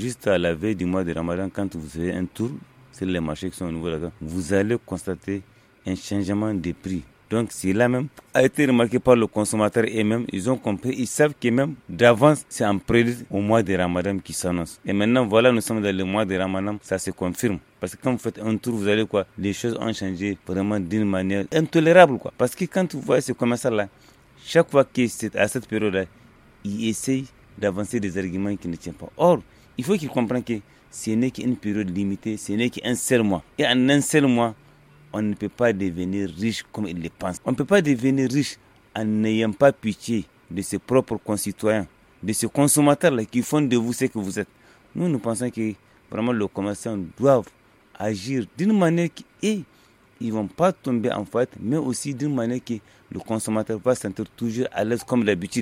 Juste à la veille du mois de Ramadan, quand vous faites un tour c'est les marchés qui sont au niveau là-dedans, vous allez constater un changement des prix. Donc là même a été remarqué par le consommateur et même ils ont compris, ils savent que même d'avance c'est en prédit au mois de Ramadan qui s'annonce. Et maintenant voilà, nous sommes dans le mois de Ramadan, ça se confirme. Parce que quand vous faites un tour, vous allez quoi, les choses ont changé vraiment d'une manière intolérable quoi. Parce que quand vous voyez ce commerçant là, chaque fois qu'il est à cette période là, il essaye d'avancer des arguments qui ne tiennent pas. Or, il faut qu'il comprenne que ce n'est qu'une période limitée, ce n'est qu'un seul mois. Et en un seul mois, on ne peut pas devenir riche comme ils le pensent. On ne peut pas devenir riche en n'ayant pas pitié de ses propres concitoyens, de ses consommateurs-là qui font de vous ce que vous êtes. Nous, nous pensons que vraiment les commerçants doivent agir d'une manière qui ils ne vont pas tomber en faute, mais aussi d'une manière que le consommateur va se sentir toujours à l'aise comme d'habitude.